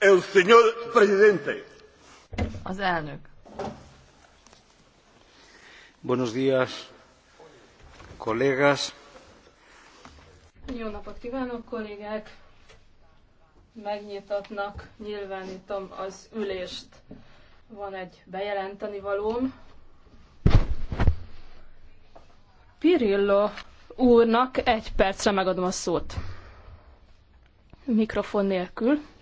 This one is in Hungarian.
El señor presidente. Az elnök. Buenos días, kollégás. Jó napot kívánok, kollégák! Megnyitatnak, nyilvánítom az ülést. Van egy bejelenteni valóm. Pirillo úrnak egy percre megadom a szót. Mikrofon nélkül.